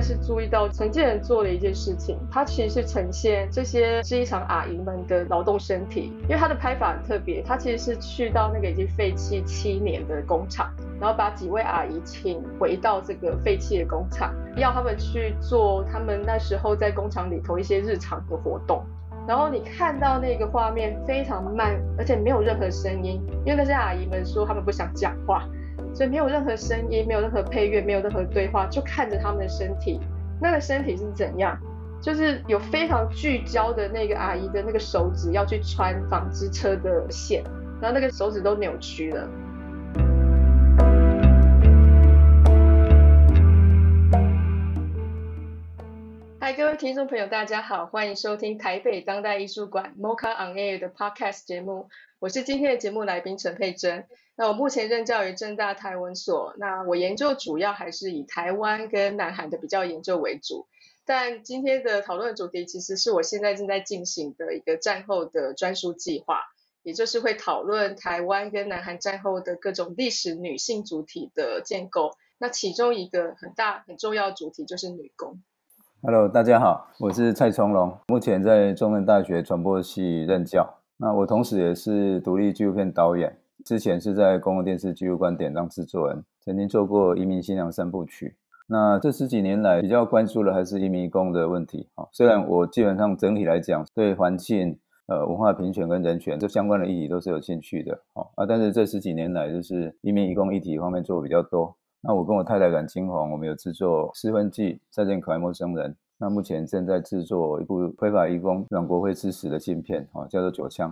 但是注意到，陳界仁做了一件事情，他其實是呈現這些是一場阿姨們的勞動身體，因為他的拍法很特別，他其實是去到那個已經廢棄七年的工廠，然後把幾位阿姨請回到這個廢棄的工廠，要他們去做他們那時候在工廠裡頭一些日常的活動，然後你看到那個畫面非常慢，而且沒有任何聲音，因為那些阿姨們說他們不想講話。所以沒有任何聲音，沒有任何配樂，沒有任何對話，就看着他們的身體，那個身體是怎樣？就是有非常聚焦的那個阿姨的那個手指要去穿紡織車的線，然後那個手指都扭曲了。嗨，各位聽眾朋友，大家好，歡迎收聽台北當代藝術館 MoCA on Air 的 Podcast 節目，我是今天的節目來賓陳佩甄。那我目前任教於政大台文所，那我研究主要還是以台灣跟南韓的比較研究為主。但今天的討論主題其實是我現在正在進行的一個戰後的專書計劃，也就是會討論台灣跟南韓戰後的各種歷史女性主體的建構。那其中一個很大很重要主題就是女工。Hello，大家好，我是蔡崇隆，目前在中正大學傳播系任教。那我同時也是獨立紀錄片導演。之前是在公共電視《紀錄觀點》當制作人，曾經做過《移民新娘三部曲》。那這十幾年來比較關注的還是移民移工的問題。哈，雖然我基本上整體來講對環境、呃文化平權跟人權這相關的議題都是有興趣的。哈啊，但是這十幾年來就是移民移工議題方面做比較多。那我跟我太太阮金紅我們有制作失婚記《再見可愛陌生人》。那目前正在制作一部非法移工阮國輝之死的紀錄片，哈，叫做九《九槍》。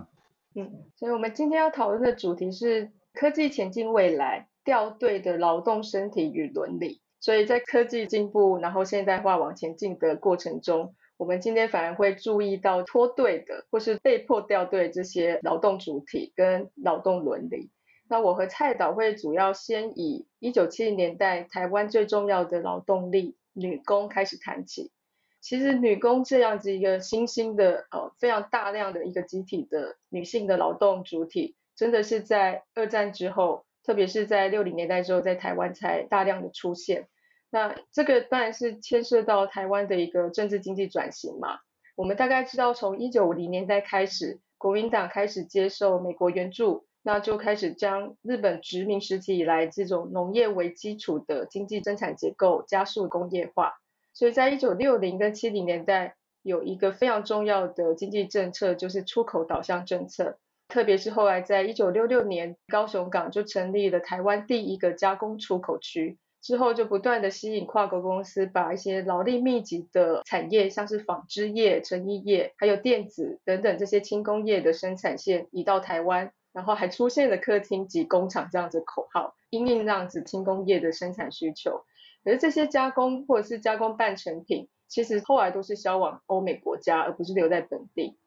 嗯，所以我們今天要討論的主題是科技前進未來，掉隊的勞動身體與倫理。所以在科技進步，然後現代化往前進的過程中，我們今天反而會注意到脫隊的，或是被迫掉隊這些勞動主體跟勞動倫理。那我和蔡導會主要先以一九七零年代台灣最重要的勞動力，女工開始談起。其實，女工這樣子一個新興的、呃非常大量的一個集體的女性的勞動主體，真的是在二戰之後，特別是在六零年代之後，在台灣才大量的出現。那這個當然是牽涉到台灣的一個政治經濟轉型嘛。我們大概知道，從一九五零年代開始，國民黨開始接受美國援助，那就開始將日本殖民時期以來這種農業為基礎的經濟增產結構加速工業化。所以在一九六零跟七零年代，有一個非常重要的經濟政策，就是出口導向政策。特別是後來在一九六六年，高雄港就成立了台灣第一個加工出口區，之後就不斷的吸引跨國公司把一些勞力密集的產業，像是紡織業、成衣業，還有電子等等這些輕工業的生產線移到台灣，然後還出現了客廳即工廠這樣子口號，因應這樣子輕工業的生產需求。可是這些加工或者是加工半成品，其實後來都是銷往歐美國家，而不是留在本地。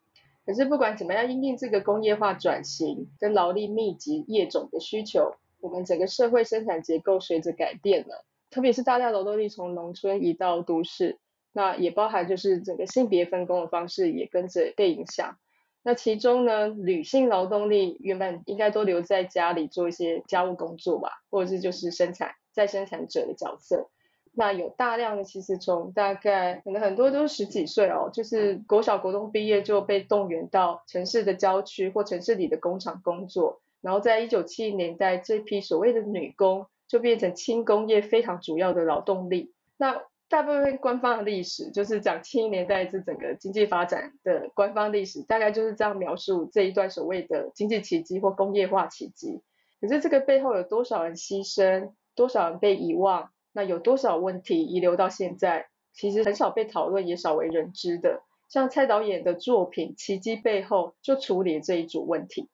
可是不管怎麼樣，因應這個工業化轉型跟勞力密集業種的需求，我們整個社會生產結構隨着改變了。特別是大量勞動力從農村移到都市，那也包含就是整個性別分工的方式也跟着被影響。那其中呢，女性勞動力原本應該都留在家裡做一些家務工作吧，或者是就是生產。在生產者的角色，那有大量的其實從大概可能很多都是十幾歲哦，就是國小國中畢業就被動員到城市的郊區或城市裡的工廠工作，然後在1970年代，這批所謂的女工就變成輕工業非常主要的勞動力。那大部分官方的歷史就是講七零年代這整個經濟發展的官方歷史，大概就是這樣描述這一段所謂的經濟奇蹟或工業化奇蹟。可是這個背後有多少人犧牲？多少人被遺忘？那有多少問題遺留到現在？其實很少被討論，也少為人知的。像蔡導演的作品《奇蹟背後》，就處理這一組問題。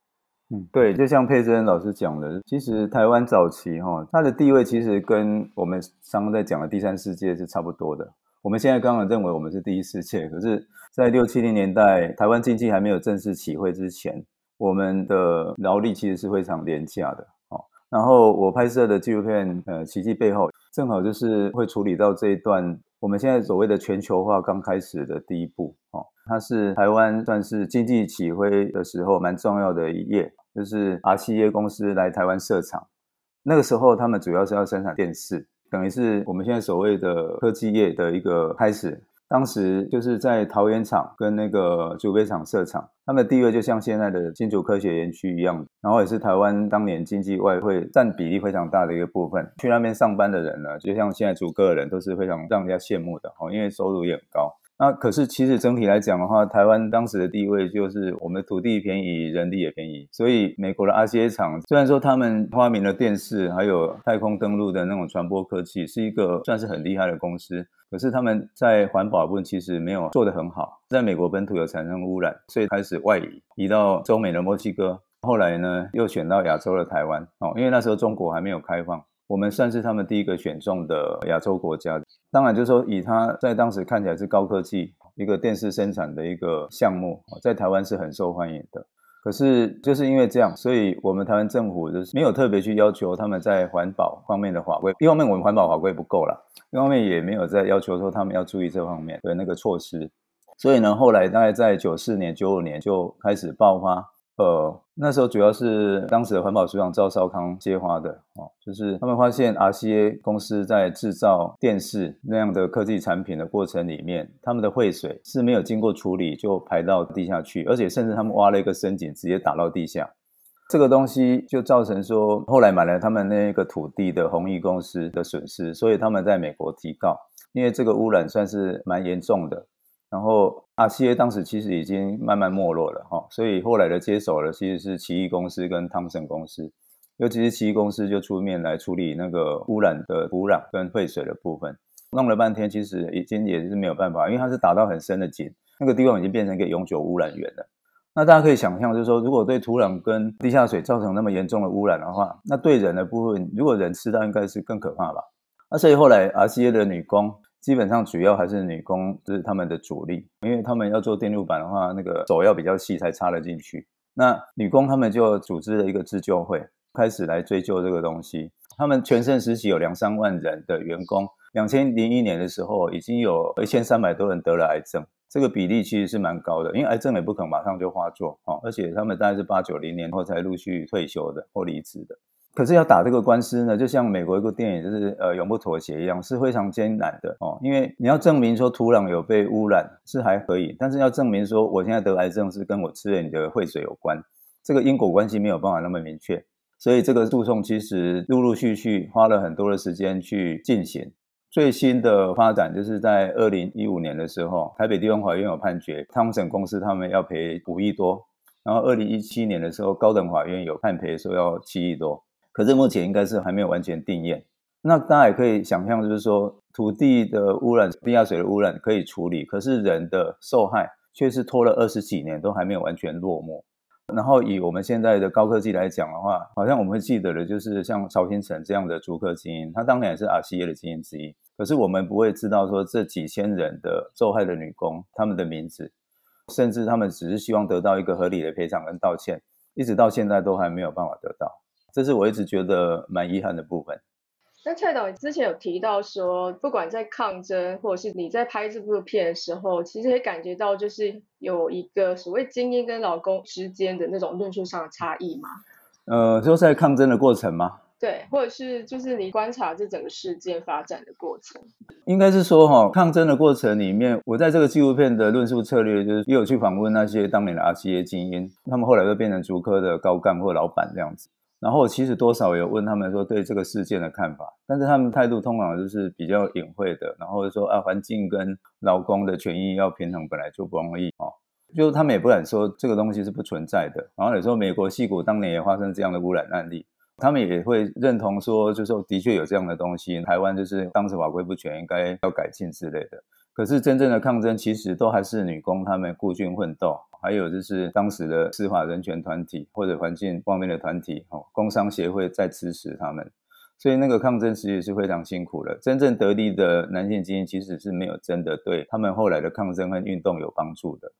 嗯，對，就像佩甄老師講的，其實台灣早期哈、哦，它的地位其實跟我們剛剛在講的第三世界是差不多的。我們現在剛剛認為我們是第一世界，可是，在六七零年代，台灣經濟還沒有正式起飛之前，我們的勞力其實是非常廉價的。然後我拍攝的紀錄片，呃，奇蹟背後，正好就是會處理到這一段。我們現在所謂的全球化剛開始的第一步哦，它是台灣算是經濟起飛的時候蠻重要的一頁，就是 RCA 公司來台灣設廠，那個時候他們主要是要生產電視，等於是我們現在所謂的科技業的一個開始。當時就是在桃園廠跟那個竹北廠設廠，他們的地位就像現在的新竹科學園區一樣，然後也是台灣當年經濟外匯佔比例非常大的一個部分。去那邊上班的人呢，就像現在竹科的人都是非常讓人家羨慕的哦，因爲收入也很高。那可是，其實整體來講的話，台灣當時的地位就是我們的土地便宜，人力也便宜，所以美國的 RCA 廠雖然說他們發明了電視，還有太空登陸的那種傳播科技，是一個算是很厲害的公司，可是他們在環保部分其實沒有做得很好，在美國本土有產生污染，所以開始外移，移到中美的墨西哥，後來呢又選到亞洲的台灣，哦，因為那時候中國還沒有開放。我們算是他們第一個選中的亞洲國家，當然就是說，以它在當時看起來是高科技一個電視生產的一個項目，在台灣是很受歡迎的。可是就是因為這樣，所以我們台灣政府就是沒有特別去要求他們在環保方面的法規。一方面我們環保法規不夠了，一方面也沒有在要求說他們要注意這方面的那個措施。所以呢，後來大概在九四年、九五年就開始爆發。呃，那時候主要是當時的環保署長趙少康揭發的哦，就是他們發現 RCA 公司在制造電視那樣的科技產品的過程裡面，他們的廢水是沒有經過處理就排到地下去，而且甚至他們挖了一個深井直接打到地下，這個東西就造成說後來買了他們那一個土地的弘毅公司的損失，所以他們在美國提告，因為這個污染算是蠻嚴重的。然後，RCA 當時其實已經慢慢沒落了哈，所以後來的接手了其實是奇異公司跟湯姆森公司，尤其是奇異公司就出面來處理那個污染的土壤跟廢水的部分，弄了半天其實已經也是沒有辦法，因為它是打到很深的井，那個地方已經變成一個永久污染源了。那大家可以想象，就是說如果對土壤跟地下水造成那麼嚴重的污染的話，那對人的部分，如果人吃到，應該是更可怕吧？那所以後來 RCA 的女工。基本上主要還是女工是他們的主力，因為他們要做電路板的話，那個手要比較細才插得進去。那女工他們就組織了一個自救會，開始來追究這個東西。他們全盛時期有兩三萬人的員工，兩千零一年的時候已經有一千三百多人得了癌症，這個比例其實是蠻高的。因為癌症也不可能馬上就發作哈、哦，而且他們大概是八九零年後才陸續退休的或離職的。可是要打這個官司呢，就像美國一個電影就是呃，永不妥協一樣，是非常艱難的哦。因為你要證明說土壤有被污染是還可以，但是要證明說我現在得癌症是跟我吃了你的廢水有關，這個因果關係沒有辦法那麼明確。所以這個訴訟其實陸陸續續花了很多的時間去進行。最新的發展就是在二零一五年的時候，台北地方法院有判決湯森公司他們要賠五億多，然後二零一七年的時候，高等法院有判賠說要七億多。可是目前應該是還沒有完全定讞，那大家也可以想象，就是說土地的污染、地下水的污染可以處理，可是人的受害卻是拖了二十幾年都還沒有完全落幕。然後以我們現在的高科技來講的話，好像我們會記得的就是像曹興誠這樣的竹科精英，他當年也是 RCA 的精英之一。可是我們不會知道說這幾千人的受害的女工他們的名字，甚至他們只是希望得到一個合理的賠償跟道歉，一直到現在都還沒有辦法得到。這是我一直覺得蠻遺憾的部分。那蔡導之前有提到說，不管在抗爭，或者是你在拍這部片的時候，其實也感覺到就是有一個所謂精英跟勞工之間的那種論述上的差異嘛？呃，就是在抗爭的過程嗎？對，或者是就是你觀察這整個事件發展的過程？應該是說哈、哦，抗爭的過程裡面，我在這個紀錄片的論述策略就是也有去訪問那些當年的 RCA 精英，他們後來就變成竹科的高幹或老板這樣子。然後我其實多少有問他們說對這個事件的看法，但是他們態度通常就是比較隱晦的，然後說啊，環境跟勞工的權益要平衡本來就不容易啊、哦，就他們也不敢說這個東西是不存在的。然後也說美國矽谷當年也發生這樣的污染案例，他們也會認同說，就是說的確有這樣的東西，台灣就是當時法規不全，應該要改進之類的。可是真正的抗爭其實都還是女工她們孤軍奮鬥，還有就是當時的司法人權團體或者環境方面的團體，哦，工商協會在支持他們，所以那個抗爭實際是非常辛苦的。真正得力的男性精英其實是沒有真的對他們後來的抗爭和運動有幫助的。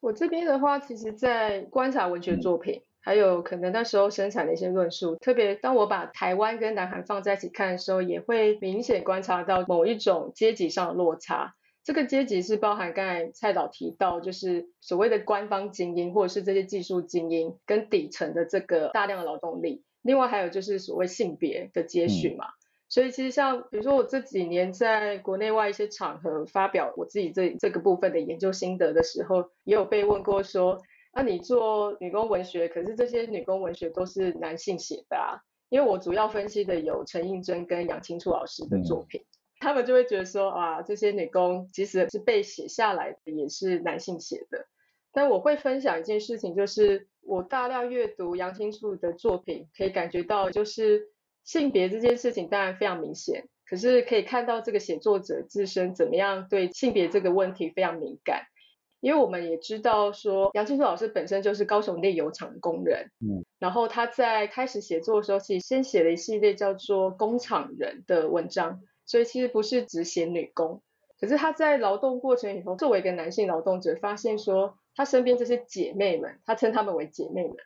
我這邊的話，其實在觀察文學作品，還有可能那時候生產的一些論述，特別當我把台灣跟南韓放在一起看的時候，也會明顯觀察到某一種階級上的落差。這個階級是包含剛才蔡導提到，就是所謂的官方精英，或者是這些技術精英跟底層的這個大量的勞動力。另外還有就是所謂性別的階序嘛。所以其實像比如說我這幾年在國內外一些場合發表我自己這這個部分的研究心得的時候，也有被問過說，那、啊、你做女工文學，可是這些女工文學都是男性寫的啊？因為我主要分析的有陳映真跟楊青矗老師的作品。嗯他們就會覺得說啊，這些女工即使是被寫下來的，也是男性寫的。但我會分享一件事情，就是我大量閱讀楊青矗的作品，可以感覺到就是性別這件事情當然非常明顯，可是可以看到這個寫作者自身怎麼樣對性別這個問題非常敏感。因為我們也知道說楊青矗老師本身就是高雄煉油廠的工人，嗯，然後他在開始寫作的時候，其實先寫了一系列叫做《工廠人》的文章。所以其實不是只寫女工，可是他在勞動過程以後，作為一個男性勞動者，發現說他身邊這些姐妹們，他稱她們為姐妹們，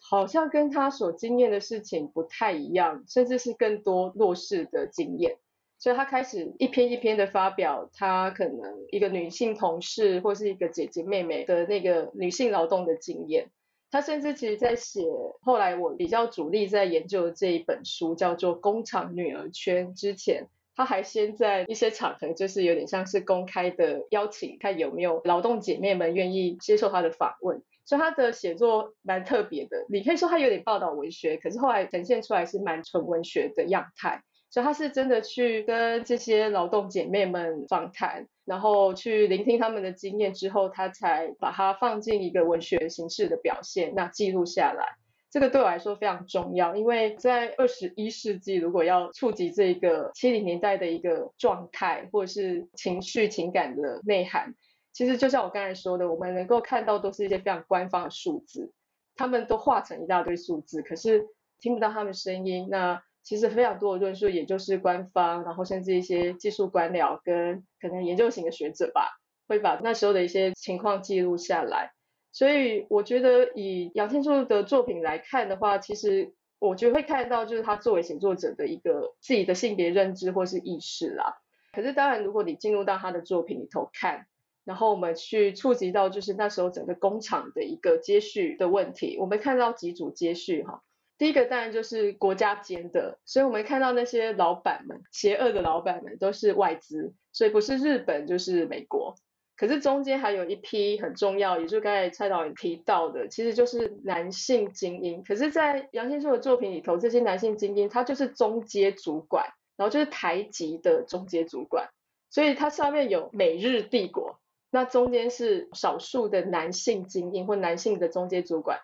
好像跟他所經驗的事情不太一樣，甚至是更多弱勢的經驗，所以他開始一篇一篇的發表他可能一個女性同事或是一個姐姐妹妹的那個女性勞動的經驗，他甚至其實，在寫後來我比較主力在研究的這一本書，叫做《工廠女兒圈》之前。他還先在一些場合，就是有點像是公開的邀請，看有沒有勞動姐妹們願意接受他的訪問。所以他的寫作蠻特別的，你可以說他有點報道文學，可是後來呈現出來是蠻純文學的樣態。所以他是真的去跟這些勞動姐妹們訪談，然後去聆聽他們的經驗之後，他才把它放進一個文學形式的表現，那記錄下來。這個對我來說非常重要，因為在二十一世紀，如果要觸及這個七零年代的一個狀態或者是情緒情感的內涵，其實就像我剛才說的，我們能夠看到都是一些非常官方的數字，他們都化成一大堆數字，可是聽不到他們的聲音。那其實非常多的論述，也就是官方，然後甚至一些技術官僚跟可能研究型的學者吧，會把那時候的一些情況記錄下來。所以我覺得以楊青矗的作品來看的話，其實我覺得會看到就是他作為寫作者的一個自己的性別認知或是意識啦。可是當然如果你進入到他的作品裡頭看，然後我們去觸及到就是那時候整個工廠的一個階序的問題，我們看到幾組階序哈。第一個當然就是國家間的，所以我們看到那些老闆們，邪惡的老闆們都是外資，所以不是日本就是美國。可是中間還有一批很重要，也就是剛才蔡導也提到的，其實就是男性精英。可是，在楊先生的作品裡頭，這些男性精英，他就是中階主管，然後就是台籍的中階主管，所以他上面有美日帝國，那中間是少數的男性精英或男性的中階主管，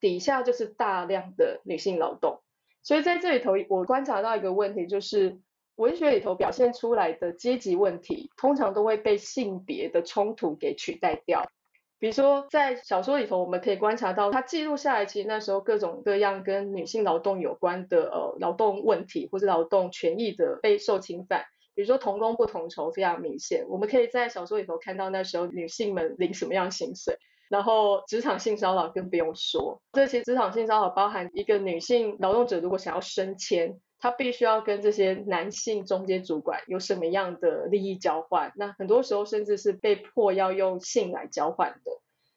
底下就是大量的女性勞動。所以在這裡頭，我觀察到一個問題就是。文學裡頭表現出來的階級問題，通常都會被性別的衝突給取代掉。比如說，在小說裡頭，我們可以觀察到，它記錄下來，其實那時候各種各樣跟女性勞動有關的呃勞動問題，或是勞動權益的被受侵犯。比如說同工不同酬非常明顯，我們可以在小說裡頭看到那時候女性們領什麼樣薪水，然後職場性騷擾更不用說。這些職場性騷擾包含一個女性勞動者如果想要升遷。他必須要跟這些男性中階主管有什麼樣的利益交換？那很多時候甚至是被迫要用性來交換的。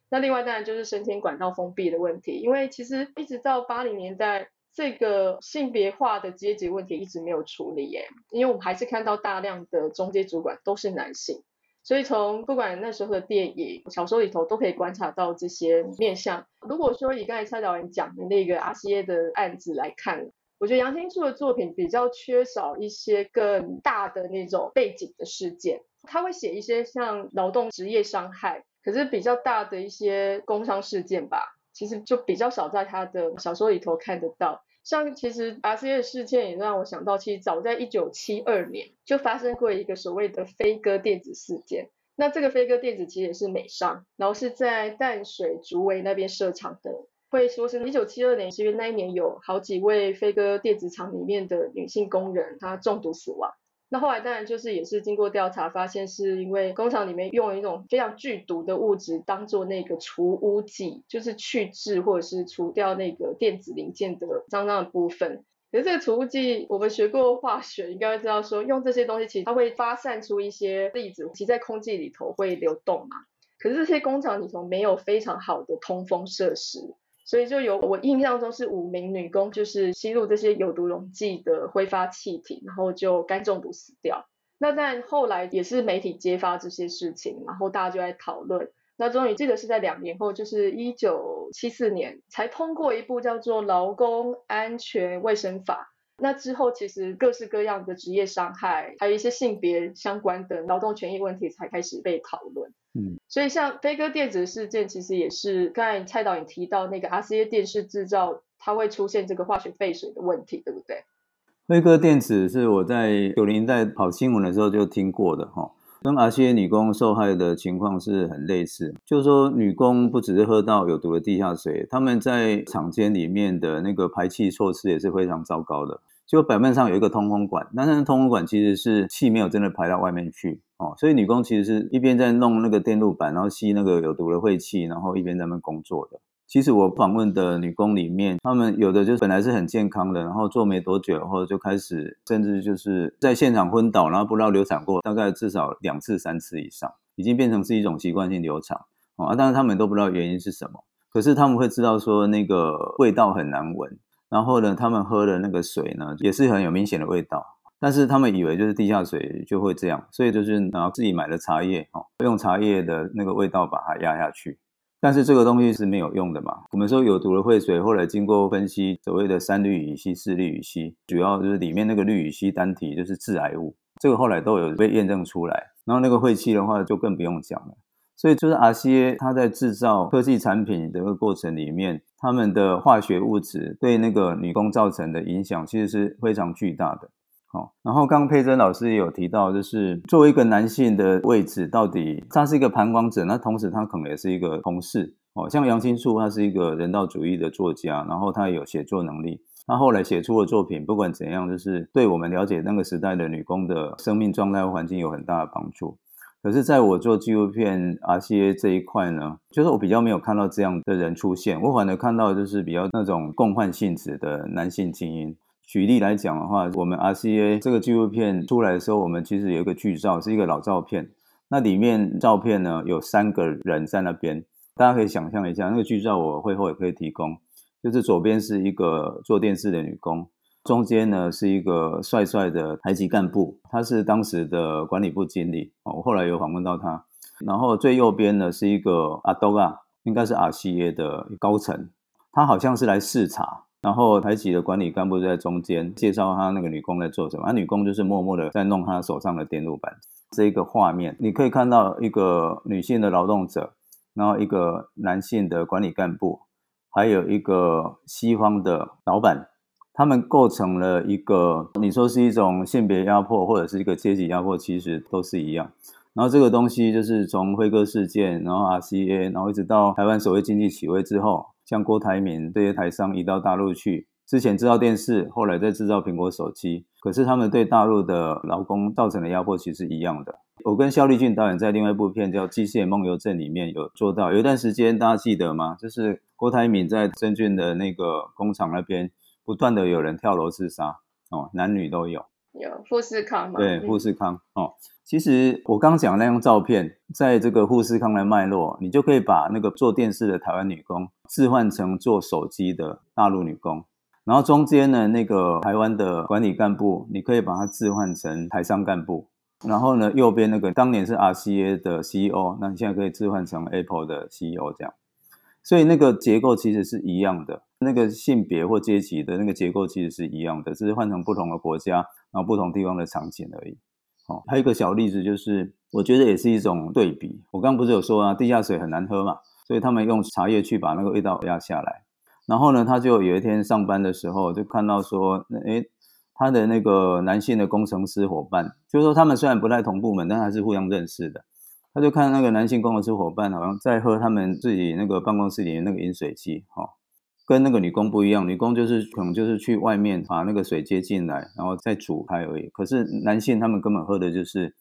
那另外當然就是升遷管道封閉的問題，因為其實一直到八零年代，這個性別化的階級問題一直沒有處理耶、欸。因為我們還是看到大量的中階主管都是男性，所以從不管那時候的電影、小說裡頭都可以觀察到這些面向。如果說以剛才蔡導演講的那個 RCA 的案子來看。我覺得楊青矗的作品比較缺少一些更大的那種背景的事件，他會寫一些像勞動職業傷害，可是比較大的一些工傷事件吧，其實就比較少在他的小說裡頭看得到。像其實 RCA 的事件也讓我想到，其實早在一九七二年就發生過一個所謂的飛歌電子事件。那這個飛歌電子其實也是美商，然後是在淡水竹圍那邊設廠的。會說是一九七二年，是因為那一年有好幾位飛歌電子廠裡面的女性工人，她中毒死亡。那後來當然就是也是經過調查，發現是因為工廠裡面用了一種非常劇毒的物質當做那個除污劑，就是去漬或者是除掉那個電子零件的髒髒的部分。可是這個除污劑，我們學過化學應該知道說，說用這些東西其實它會發散出一些粒子，其實在空氣裡頭會流動嘛。可是這些工廠裡頭沒有非常好的通風設施。所以就有我印象中是五名女工，就是吸入這些有毒溶劑的揮發氣體，然後就肝中毒死掉。那但後來也是媒體揭發這些事情，然後大家就在討論。那終於記得是在兩年後，就是一九七四年才通過一部叫做《勞工安全衛生法》。那之後，其實各式各樣的職業傷害，還有一些性別相關的勞動權益問題，才開始被討論。嗯，所以像飛歌電子事件，其實也是剛才蔡導演提到那個，RCA 電視製造，它會出現這個化學廢水的問題，對不對？飛歌電子是我在九零年代跑新聞的時候就聽過的，哈。跟 RCA 女工受害的情況是很類似，就是說女工不只是喝到有毒的地下水，她們在廠間裡面的那個排氣措施也是非常糟糕的，就表面上有一個通風管，但那通風管其實是氣沒有真的排到外面去哦，所以女工其實是一邊在弄那個電路板，然後吸那個有毒的廢氣，然後一邊在那邊工作的。其實我訪問的女工裡面，她們有的就是本來是很健康的，然後做沒多久後就開始，甚至就是在現場昏倒，然後不知道流產過，大概至少兩次三次以上，已經變成是一種習慣性流產、哦、啊。當然她們都不知道原因是什麼，可是他們會知道說那個味道很難聞，然後呢，他們喝的那個水呢也是很有明顯的味道，但是他們以為就是地下水就會這樣，所以就是拿自己買的茶葉，哈、哦，用茶葉的那個味道把它壓下去。但是這個東西是沒有用的嘛？我們說有毒的廢水，後來經過分析，所謂的三氯乙烯、四氯乙烯，主要就是裡面那個氯乙烯單體就是致癌物，這個後來都有被驗證出來。然後那個廢氣的話，就更不用講了。所以就是 RCA 他在制造科技產品的過程裡面，他們的化學物質對那個女工造成的影響，其實是非常巨大的。好，然後剛剛佩甄老師也有提到，就是作為一個男性的位置，到底他是一個旁觀者，那同時他可能也是一個同事哦。像楊青矗，他是一個人道主義的作家，然後他有寫作能力，他後來寫出的作品，不管怎樣，就是對我們了解那個時代的女工的生命狀態和環境有很大的幫助。可是，在我做紀錄片 RCA 這一塊呢，就是我比較沒有看到這樣的人出現，我反而看到就是比較那種共犯性質的男性精英。舉例來講的話，我們 RCA 這個紀錄片出來的時候，我們其實有一個劇照，是一個老照片。那裡面照片呢，有三個人在那邊，大家可以想象一下。那個劇照我會後也可以提供。就是左邊是一個做電視的女工，中間呢是一個帥帥的台籍幹部，他是當時的管理部經理。我後來有訪問到他。然後最右邊呢是一個阿東啊，應該是 RCA 的高層，他好像是來視察。然後，台企的管理幹部在中間介紹他那個女工在做什麼，而女工就是默默地在弄她手上的電路板。這一個畫面，你可以看到一個女性的勞動者，然後一個男性的管理幹部，還有一個西方的老闆，他們構成了一個，你說是一種性別壓迫，或者是一個階級壓迫，其實都是一樣。然後這個東西就是從飛歌事件，然後 RCA，然後一直到台灣所謂經濟起飛之後。像郭台銘這些台商移到大陸去，之前製造電視，後來再製造蘋果手機，可是他們對大陸的勞工造成的壓迫其實一樣的。我跟蕭立峻導演在另外一部片叫《機械夢遊症》裡面有做到，有一段時間大家記得嗎？就是郭台銘在深圳的那個工廠那邊，不斷的有人跳樓自殺，哦，男女都有。有富士康嘛？對，富士康、嗯、哦。其實我剛講的那張照片，在這個富士康的脈絡，你就可以把那個做電視的台灣女工，置換成做手機的大陸女工。然後中間呢，那個台灣的管理幹部，你可以把它置換成台商幹部。然後呢，右邊那個當年是 RCA 的 CEO，那你現在可以置換成 Apple 的 CEO，這樣。所以那個結構其實是一樣的。那個性別或階級的那個結構其實是一樣的，只是換成不同的國家，然後不同地方的場景而已。哦，還有一個小例子，就是我覺得也是一種對比。我剛剛不是有說啊，地下水很難喝嘛，所以他們用茶葉去把那個味道壓下來。然後呢，他就有一天上班的時候，就看到說，誒，他的那個男性的工程師夥伴，就是說他們雖然不在同部門，但還是互相認識的。他就看那個男性工程師夥伴好像在喝他們自己那個辦公室裡的那個飲水機，哈、哦。跟那個女工不一樣，女工就是可能就是去外面把那個水接進來，然後再煮開而已。可是男性他們根本喝的就是，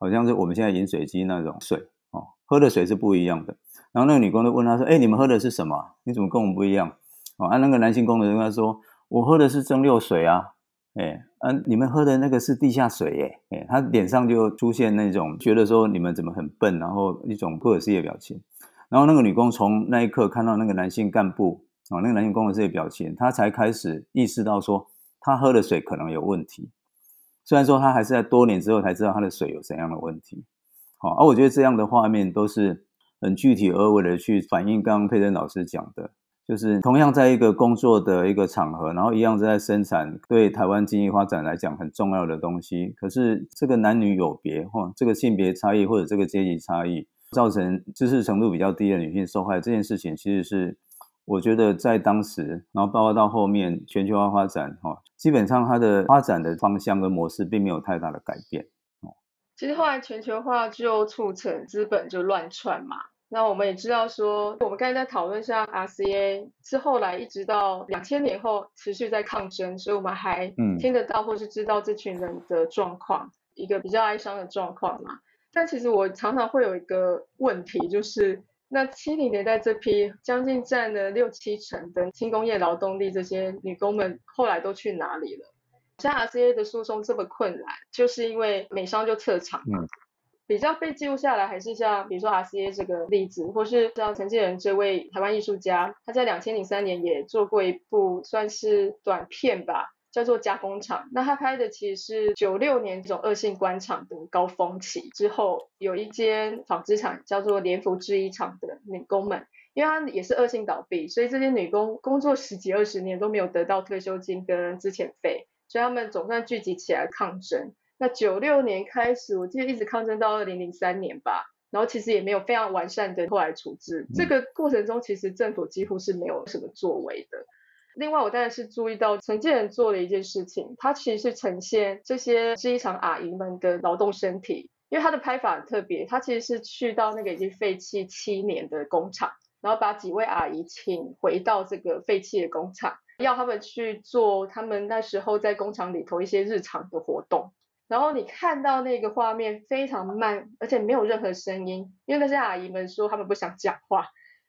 好像是我們現在飲水機那種水哦，喝的水是不一樣的。然後那個女工就問他說：“哎、欸，你們喝的是什麼？你怎麼跟我們不一樣？”哦，啊、那個男性工作人員說：“我喝的是蒸餾水啊。”哎，嗯、啊，你們喝的那個是地下水耶，哎，哎，他臉上就出現那種覺得說你們怎麼很笨，然後一種不可思議的表情。然後那個女工從那一刻看到那個男性幹部。哦，那個男性工的這些表情，他才開始意識到說，他喝的水可能有問題。雖然說他還是在多年之後才知道他的水有怎樣的問題。好、哦，而、啊、我覺得這樣的畫面都是很具體而為的去反映剛剛佩甄老師講的，就是同樣在一個工作的一個場合，然後一樣在生產對台灣經濟發展來講很重要的東西。可是這個男女有別，或、哦、這個性別差異或者這個階級差異，造成知識程度比較低的女性受害這件事情，其實是。我覺得在當時，然後包括到後面全球化發展，哈，基本上它的發展的方向跟模式並沒有太大的改變，哦。其實後來全球化就促成資本就亂竄嘛，那我們也知道說，我們剛才在討論像 RCA 是後來一直到兩千年後持續在抗爭，所以我們還聽得到或是知道這群人的狀況，一個比較哀傷的狀況嘛。但其實我常常會有一個問題，就是。那七零年代這批將近占了六七成的輕工業勞動力，這些女工們後來都去哪裡了？像 RCA 的訴訟這麼困難，就是因為美商就撤廠了。比較被記錄下來，還是像比如說 RCA 這個例子，或是像陳界仁這位台灣藝術家，他在2003年也做過一部算是短片吧。叫做加工廠，那他拍的其實是九六年這種惡性關廠的高峰期之後，有一間紡織廠叫做聯福製衣廠的女工們，因為她也是惡性倒閉，所以這些女工工作十幾二十年都沒有得到退休金跟資遣費，所以他們總算聚集起來抗爭。那九六年開始，我記得一直抗爭到二零零三年吧，然後其實也沒有非常完善的後來處置，嗯、這個過程中其實政府幾乎是沒有什麼作為的。另外，我當然是注意到陳界仁做了一件事情，他其實是呈現這些製衣廠阿姨們的勞動身體，因為他的拍法很特別，他其實是去到那個已經廢棄七年的工廠，然後把幾位阿姨請回到這個廢棄的工廠，要他們去做他們那時候在工廠裡頭一些日常的活動，然後你看到那個畫面非常慢，而且沒有任何聲音，因為那些阿姨們說他們不想講話。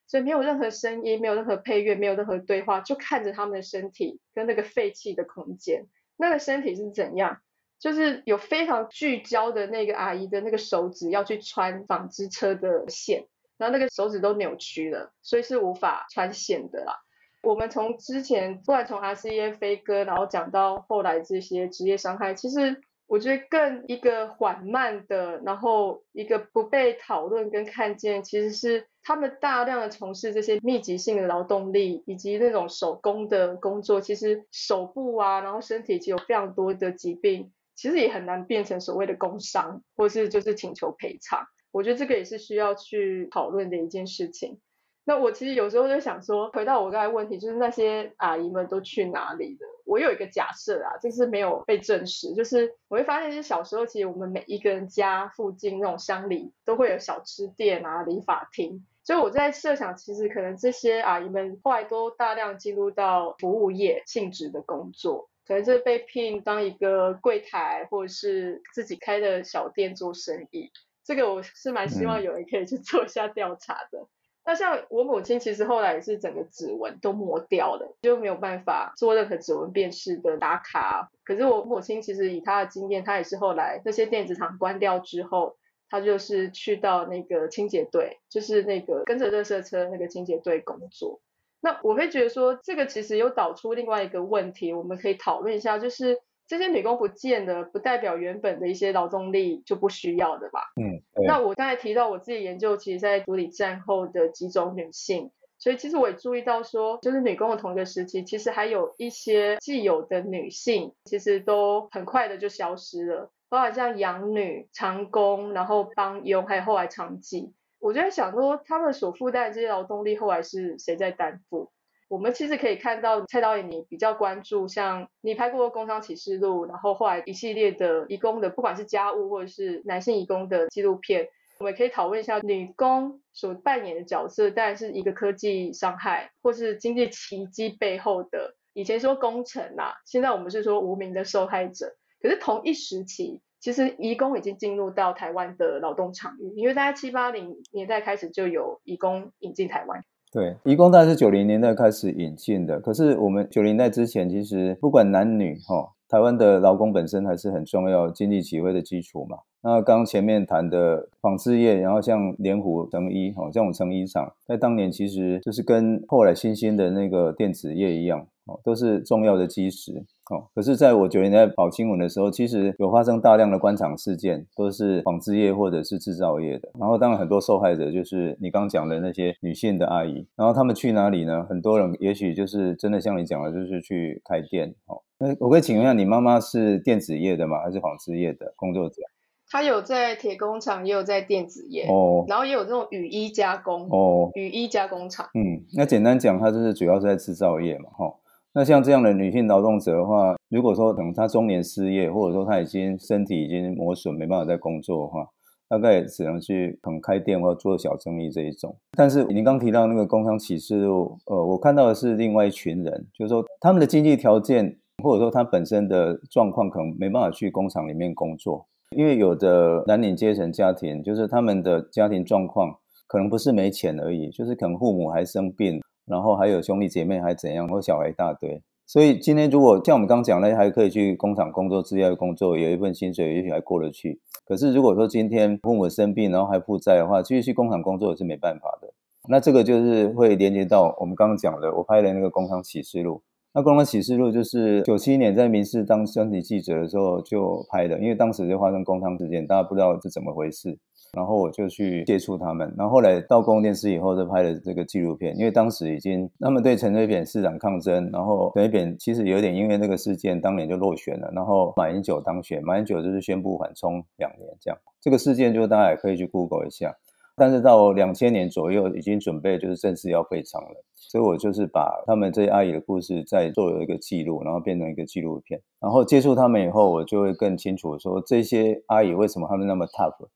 所以沒有任何聲音，沒有任何配樂，沒有任何對話，就看着他們的身體跟那個廢棄的空間。那個身體是怎樣？就是有非常聚焦的那個阿姨的那個手指要去穿紡織車的線，然後那個手指都扭曲了，所以是無法穿線的啦。我們從之前，不管從 RCA 飛歌，然後講到後來這些職業傷害，其實。我覺得更一個緩慢的，然後一個不被討論跟看見，其實是他們大量的從事這些密集性的勞動力以及那種手工的工作，其實手部啊，然後身體其實有非常多的疾病，其實也很難變成所謂的工傷，或是就是請求賠償。我覺得這個也是需要去討論的一件事情。那我其實有時候在想說，回到我剛才問題，就是那些阿姨們都去哪裡了？我有一個假設啊，就是沒有被證實，就是我會發現，就是小時候其實我們每一個人家附近那種鄉里都會有小吃店啊、理髮廳，所以我在設想，其實可能這些阿姨們後來都大量進入到服務業性質的工作，可能這被聘當一個櫃台，或者是自己開的小店做生意。這個我是蠻希望有人可以去做一下調查的。嗯那像我母親，其實後來也是整個指紋都磨掉了，就沒有辦法做任何指紋辨識的打卡。可是我母親其實以她的經驗，她也是後來那些電子廠關掉之後，她就是去到那個清潔隊，就是那個跟着垃圾車那個清潔隊工作。那我會覺得說，這個其實有導出另外一個問題，我們可以討論一下，就是。這些女工不見得不代表原本的一些勞動力就不需要的吧？嗯，那我剛才提到我自己研究，其實在處理戰後的幾種女性，所以其實我也注意到說，就是女工的同一個時期，其實還有一些既有的女性，其實都很快的就消失了，包括像養女、長工，然後幫傭，還有後來娼妓，我就在想說，她們所負擔的這些勞動力後來是誰在擔負？我們其實可以看到，蔡導演你比較關注像你拍過《公娼啟示錄》，然後後來一系列的移工的，不管是家務或者是男性移工的紀錄片，我們也可以討論一下女工所扮演的角色，當然是一個科技傷害或是經濟奇蹟背後的。以前說工殤啊，現在我們是說無名的受害者。可是同一時期，其實移工已經進入到台灣的勞動場域，因為大概七八零年代開始就有移工引進台灣。對，移工大概是九零年代開始引進的。可是我們九零代之前，其實不管男女哈、哦，台灣的勞工本身還是很重要，經濟起飛的基礎嘛。那剛前面談的紡織業，然後像蓮湖成衣，哦，像我成衣廠，在當年其實就是跟後來新興的那個電子業一樣，哦，都是重要的基石。哦、可是，在我覺得你在跑新聞的時候，其實有發生大量的工殤事件，都是紡織業或者是製造業的。然後，當然很多受害者就是你剛剛講的那些女性的阿姨。然後他們去哪裡呢？很多人也許就是真的像你講的，就是去開店、哦。那我可以請問一下，你媽媽是電子業的嗎？還是紡織業的工作者？她有在鐵工廠，也有在電子業、哦、然後也有這種雨衣加工、哦、雨衣加工廠。嗯，那簡單講，她就是主要是在制造業嘛，哦那像這樣的女性勞動者的話，如果說等她中年失業，或者說她已經身體已經磨損，沒辦法再工作的話，大概只能去可能開店或者做小生意這一種。但是您剛提到那個公娼啟示錄，呃，我看到的是另外一群人，就是說他們的經濟條件，或者說他本身的狀況，可能沒辦法去工廠裡面工作，因為有的藍領階層家庭，就是他們的家庭狀況可能不是沒錢而已，就是可能父母還生病。然後還有兄弟姐妹還怎樣，或小孩一大堆，所以今天如果像我們剛剛講的，還可以去工廠工作，製藥工作，有一份薪水，也許還過得去。可是如果說今天父母生病，然後還負債的話，繼續去工廠工作也是沒辦法的。那這個就是會連接到我們剛剛講的，我拍的那個《公娼啟示錄》。那《公娼啟示錄》就是九七年在《民視》當專題記者的時候就拍的，因為當時就發生公娼事件，大家不知道是怎麼回事。然後我就去接觸他們，然後後來到公共電視以後，就拍了這個紀錄片。因為當時已經他們對陳水扁市長抗爭，然後陳水扁其實有點因為那個事件當年就落選了，然後馬英九當選，馬英九就是宣布緩衝兩年這樣。這個事件就大家也可以去 Google 一下。但是到兩千年左右，已經準備就是正式要廢娼了，所以我就是把他們這些阿姨的故事再做一個記錄，然後變成一個紀錄片。然後接觸他們以後，我就會更清楚說，這些阿姨為什麼他們那麼 tough。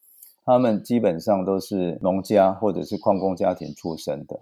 他們基本上都是農家或者是礦工家庭出身的，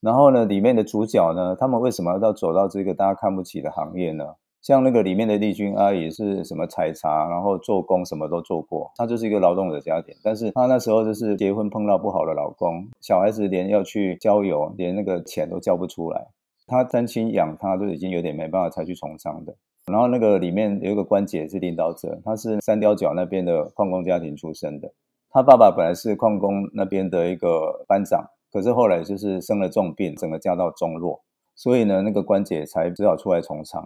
然後呢，裡面的主角呢，他們為什麼要到走到這個大家看不起的行業呢？像那個裡面的麗君阿姨是什麼採茶，然後做工什麼都做過，她就是一個勞動者家庭，但是她那時候就是結婚碰到不好的老公，小孩子連要去郊遊，連那個錢都交不出來，她單親養他都已經有點沒辦法才去從娼的。然後那個裡面有一個官姐是領導者，她是三貂角那邊的礦工家庭出身的。他爸爸本來是礦工那邊的一個班長，可是後來就是生了重病，整個家道中落，所以呢，那個官姐才只好出來從娼。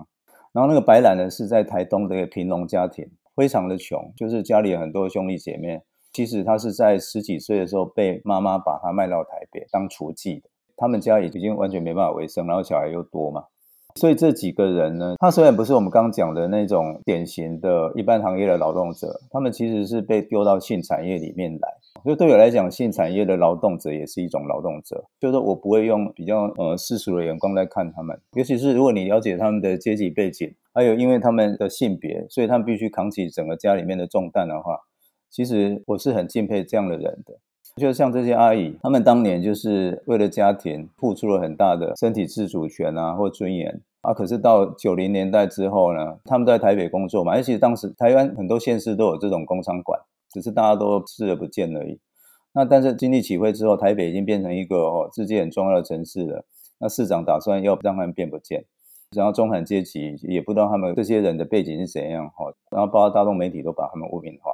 然後那個白蘭呢，是在台東的一個貧農家庭，非常的窮，就是家裡很多兄弟姐妹。其實他是在十幾歲的時候被媽媽把他賣到台北當雛妓的。他們家已經完全沒辦法維生，然後小孩又多嘛。所以這幾個人呢，他雖然不是我們剛剛講的那種典型的一般行業的勞動者，他們其實是被丟到性產業裡面來。所以對我來講，性產業的勞動者也是一種勞動者。就是說我不會用比較呃世俗的眼光來看他們，尤其是如果你了解他們的階級背景，還有因為他們的性別，所以他們必須扛起整個家裡面的重擔的話，其實我是很敬佩這樣的人的。就像這些阿姨，她們當年就是為了家庭付出了很大的身體自主權啊，或尊嚴啊。可是到九零年代之後呢，他們在台北工作嘛，而且當時台灣很多縣市都有這種公娼館，只是大家都視而不見而已。那但是經濟起飛之後，台北已經變成一個哦，世界很重要的城市了。那市長打算要讓他們變不見，然後中產階級也不知道他們這些人的背景是怎樣哈、哦，然後包括大眾媒體都把他們污名化，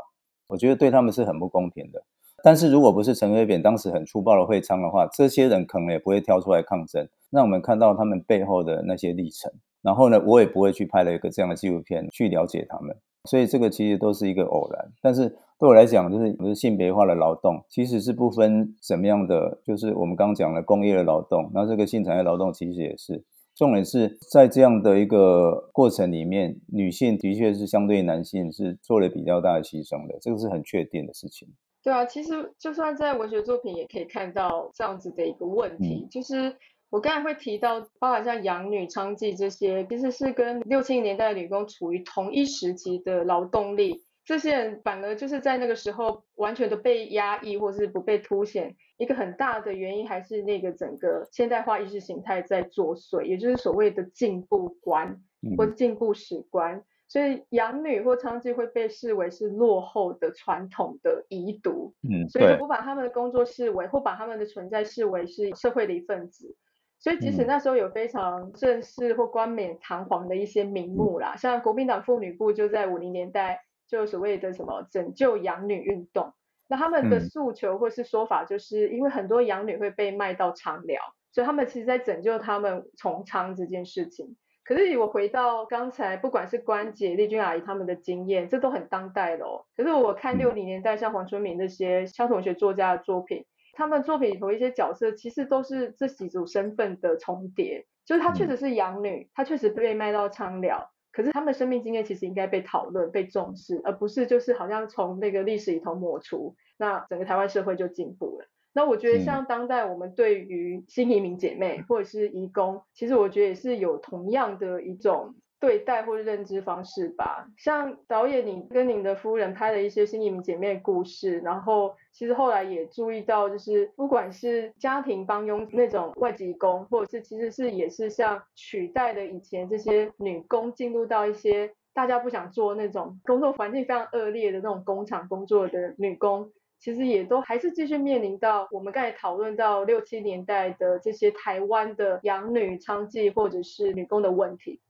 我覺得對他們是很不公平的。但是如果不是陳水扁當時很粗暴的廢娼的話，這些人可能也不會跳出來抗爭，讓我們看到他們背後的那些歷程。然後呢，我也不會去拍了一個這樣的紀錄片去了解他們。所以這個其實都是一個偶然。但是對我來講，就是，就是我的性別化的勞動其實是不分什麼樣的，就是我們剛剛講的工業的勞動，那這個性產業勞動其實也是。重點是在這樣的一個過程裡面，女性的確是相對於男性是做了比較大的犧牲的，這個是很確定的事情。對啊，其實就算在文學作品也可以看到這樣子的一個問題，嗯、就是我剛才會提到，包含像養女娼妓這些，其實是跟六七年代的女工處於同一時期的勞動力，這些人反而就是在那個時候完全的被壓抑，或是不被凸顯。一個很大的原因還是那個整個現代化意識形態在作祟，也就是所謂的進步觀或是進步史觀。嗯所以養女或娼妓會被視為是落後的傳統的遺毒，嗯，所以就不把他們的工作視為或把他們的存在視為是社會的一份子。所以即使那時候有非常正式或冠冕堂皇的一些名目啦，嗯、像國民黨婦女部就在五零年代就所謂的什麼拯救養女運動，那他們的訴求或是說法就是、嗯、因為很多養女會被賣到娼寮，所以他們其實在拯救他們從娼這件事情。可是以我回到剛才，不管是官姐、麗君阿姨他們的經驗，這都很當代的哦。可是我看六零年代像黃春明那些鄉土文學作家的作品，他們作品裡頭一些角色，其實都是這幾組身份的重疊。就是他確實是養女，他確實被賣到娼寮。可是他們的生命經驗其實應該被討論、被重視，而不是就是好像從那個歷史裡頭抹除，那整個台灣社會就進步了。那我覺得，像當代我們對於新移民姐妹或者是移工，其實我覺得也是有同樣的一種對待或者認知方式吧。像導演，你跟您的夫人拍了一些新移民姐妹的故事，然後其實後來也注意到，就是不管是家庭幫傭那種外籍移工，或者是其實是也是像取代了以前的這些女工進入到一些大家不想做那種工作環境非常惡劣的那種工廠工作的女工。其實也都還是繼續面臨到我們剛才討論到六七年代的這些台灣的養女娼妓、或者是女工的問題。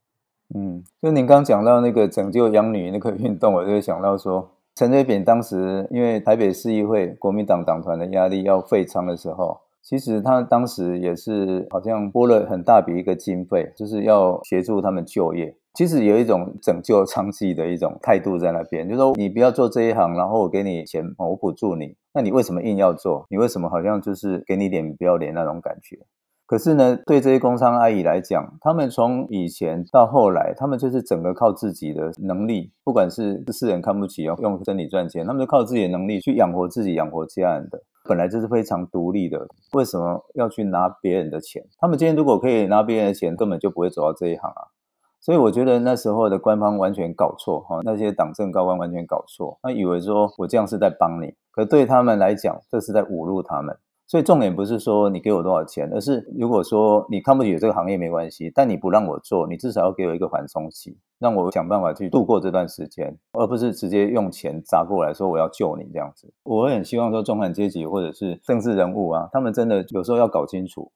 嗯，就您剛講到那個拯救養女那個運動，我就想到說，陳水扁當時因為台北市議會國民黨黨團的壓力要廢娼的時候，其實他當時也是好像撥了很大筆一個經費，就是要協助他們就業。其實有一種拯救娼妓的一種態度在那邊，就是說你不要做這一行，然後我給你錢，我補助你，那你為什麼硬要做？你為什麼好像就是給你臉不要臉那種感覺？可是呢，對這些公娼阿姨來講，他們從以前到後來，他們就是整個靠自己的能力，不管是世人看不起，要用身體賺錢，他們就靠自己的能力去養活自己、養活家人的，本來就是非常獨立的。為什麼要去拿別人的錢？他們今天如果可以拿別人的錢，根本就不會走到這一行啊。所以我覺得那時候的官方完全搞錯哈，那些黨政高官完全搞錯，他以為說我這樣是在幫你，可對他們來講，這是在侮辱他們。所以重點不是說你給我多少錢，而是如果說你看不起這個行業沒關係，但你不讓我做，你至少要給我一個緩衝期，讓我想辦法去度過這段時間，而不是直接用錢砸過來說我要救你這樣子。我很希望說中產階級或者是政治人物啊，他們真的有時候要搞清楚。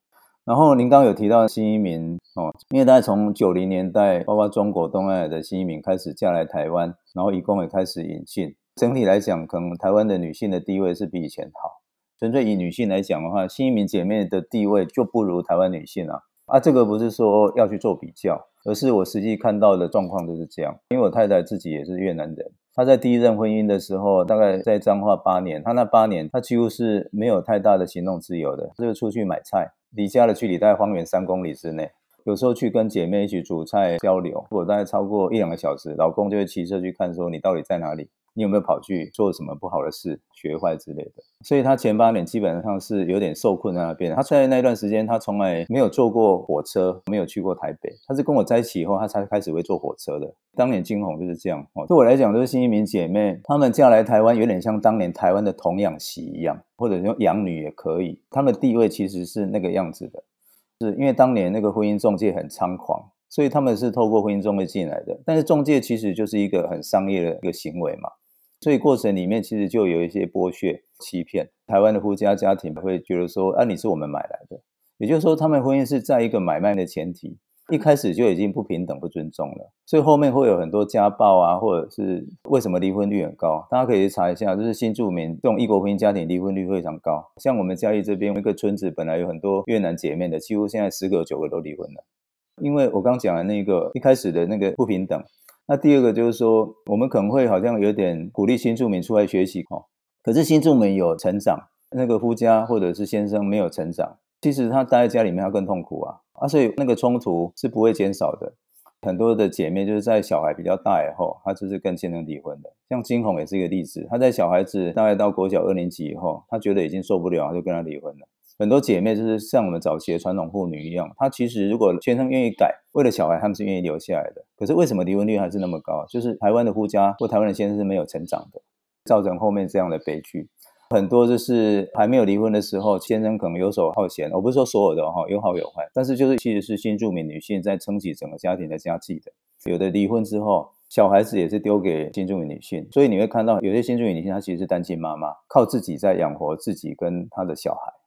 然後您剛剛有提到新移民哦，因為大概從九零年代，包括中國、東南亞的新移民開始嫁來台灣，然後移工也開始引進。整體來講，可能台灣的女性的地位是比以前好。純粹以女性來講的話，新移民姐妹的地位就不如台灣女性了啊。啊，這個不是說要去做比較，而是我實際看到的狀況就是這樣。因為我太太自己也是越南人，她在第一任婚姻的時候，大概在彰化八年，她那八年她幾乎是沒有太大的行動自由的，就是出去買菜，離家的距離大概方圓三公里之內，有時候去跟姐妹一起煮菜交流，如果大概超過一兩個小時，老公就會騎車去看說你到底在哪裡。你有沒有跑去做什麼不好的事、學壞之類的？所以他前八年基本上是有點受困在那邊。他出來那一段時間，他從來沒有坐過火車，沒有去過台北。他是跟我在一起以後，他才開始會坐火車的。當年金紅就是這樣。哦、對我來講，都是新移民姐妹，她們嫁來台灣有點像當年台灣的童養媳一樣，或者說養女也可以。她們的地位其實是那個樣子的，是因為當年那個婚姻中介很猖狂，所以他們是透過婚姻中介進來的。但是中介其實就是一個很商業的一個行為嘛。所以過程裡面其實就有一些剝削、欺騙。台灣的夫家家庭會覺得說：“啊，你是我們買來的。”也就是說，他們婚姻是在一個買賣的前提，一開始就已經不平等、不尊重了。所以後面會有很多家暴啊，或者是為什麼離婚率很高？大家可以查一下，就是新住民這種異國婚姻家庭離婚率非常高。像我們嘉義這邊一個村子，本來有很多越南姐妹的，幾乎現在十個有九個都離婚了。因為我剛講的那個一開始的那個不平等。那第二個就是說，我們可能會好像有點鼓勵新住民出來學習哦，可是新住民有成長，那個夫家或者是先生沒有成長，其實他待在家裡面他更痛苦啊，啊，所以那個衝突是不會減少的。很多的姐妹就是在小孩比較大以後，她就是跟先生離婚的，像金紅也是一個例子，她在小孩子大概到國小二年級以後，她覺得已經受不了，她就跟他離婚了。很多姐妹就是像我們早期的傳統婦女一樣，她其實如果先生願意改，為了小孩她們是願意留下來的。可是為什麼離婚率還是那麼高？就是台灣的夫家或台灣的先生是沒有成長的，造成後面這樣的悲劇。很多就是還沒有離婚的時候，先生可能游手好閒。我不是說所有的哈，有好有壞，但是就是其實是新住民女性在撐起整個家庭的家計的。有的離婚之後，小孩子也是丟給新住民女性，所以你會看到有些新住民女性她其實是單親媽媽，靠自己在養活自己跟她的小孩。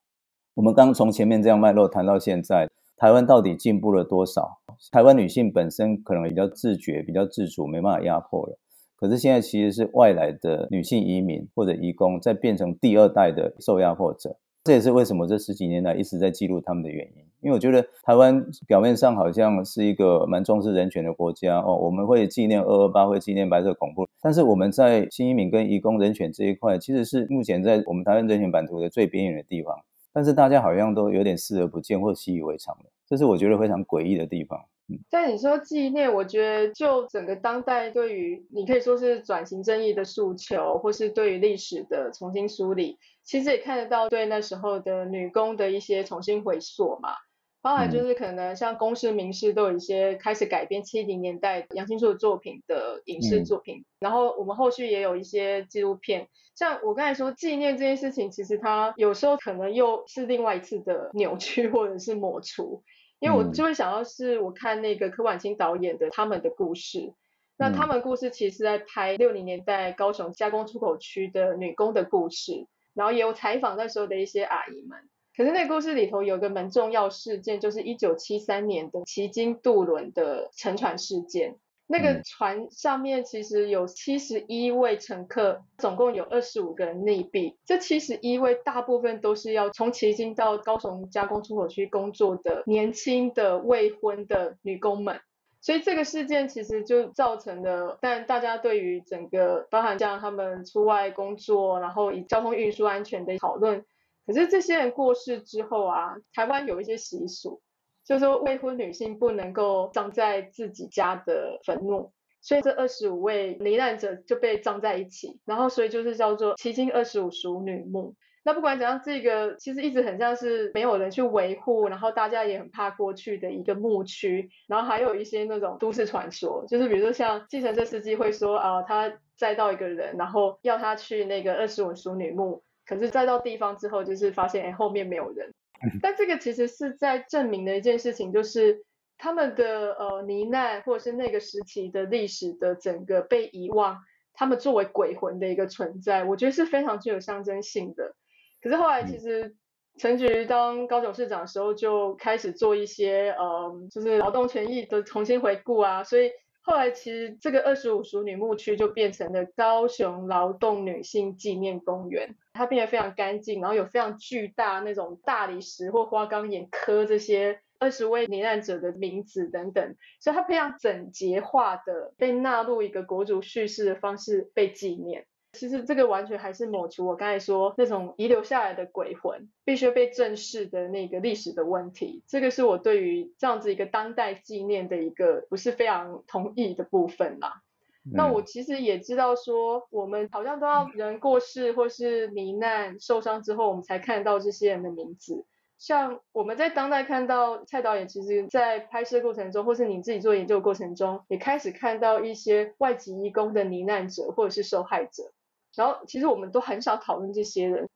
我們剛從前面這樣脈絡談到現在，台灣到底進步了多少？台灣女性本身可能比較自覺、比較自主，沒辦法壓迫了。可是現在其實是外來的女性移民或者移工，在變成第二代的受壓迫者。這也是為什麼這十幾年來一直在記錄他們的原因。因為我覺得台灣表面上好像是一個蠻重視人權的國家哦，我們會紀念二二八，會紀念白色恐怖。但是我們在新移民跟移工人權這一塊，其實是目前在我們台灣人權版圖的最邊緣的地方。但是大家好像都有點視而不見或習以為常了，這是我覺得非常詭異的地方嗯。嗯，但你說紀念，我覺得就整個當代對於你可以說是轉型正義的訴求，或是對於歷史的重新梳理，其實也看得到對那時候的女工的一些重新回溯嘛。後來就是可能像公視、民視都有一些開始改編七零年代楊青矗作品的影視作品，嗯、然後我們後續也有一些紀錄片，像我剛才說紀念這件事情，其實它有時候可能又是另外一次的扭曲或者是抹除，嗯、因為我就會想要是我看那個柯婉清導演的他們的故事，嗯、那他們故事其實是在拍六零年代高雄加工出口區的女工的故事，然後也有採訪那時候的一些阿姨們。可是那個故事裡頭有個蠻重要事件，就是一九七三年的旗津渡輪的沉船事件。那個船上面其實有七十一位乘客，總共有二十五個人溺斃。這七十一位大部分都是要從旗津到高雄加工出口區工作的年輕的未婚的女工們，所以這個事件其實就造成了，但大家對於整個包含像他們出外工作，然後以交通運輸安全的討論。可是這些人過世之後啊，台灣有一些習俗，就是說未婚女性不能夠葬在自己家的墳墓，所以這二十五位罹難者就被葬在一起，然後所以就是叫做旗津二十五淑女墓。那不管怎樣，這個其實一直很像是沒有人去維護，然後大家也很怕過去的一個墓區，然後還有一些那種都市傳說，就是比如說像計程車司機會說啊、呃，他載到一個人，然後要他去那個二十五淑女墓。可是再到地方之後，就是發現哎、欸、後面沒有人。但這個其實是在證明的一件事情，就是他們的呃呢喃，或者是那個時期的歷史的整個被遺忘，他們作為鬼魂的一個存在，我覺得是非常具有象徵性的。可是後來其實陳菊、嗯、當高雄市長的時候，就開始做一些呃就是勞動權益的重新回顧啊，所以。後來其實這個二十五淑女墓區就變成了高雄勞動女性紀念公園，它變得非常乾淨，然後有非常巨大那種大理石或花崗岩刻這些二十位罹難者的名字等等，所以它非常整潔化的被納入一個國族敘事的方式被紀念。其實這個完全還是抹除我剛才說那種遺留下來的鬼魂，必須被正視的那個歷史的問題。這個是我對於這樣子一個當代紀念的一個不是非常同意的部分啦。Mm hmm. 那我其實也知道說，我們好像都要人過世或是罹難受傷之後，我們才看到這些人的名字。像我們在當代看到蔡導演，其實，在拍攝過程中，或是你自己做研究過程中，也開始看到一些外籍移工的罹難者或者是受害者。然後，其實我們都很少討論這些人。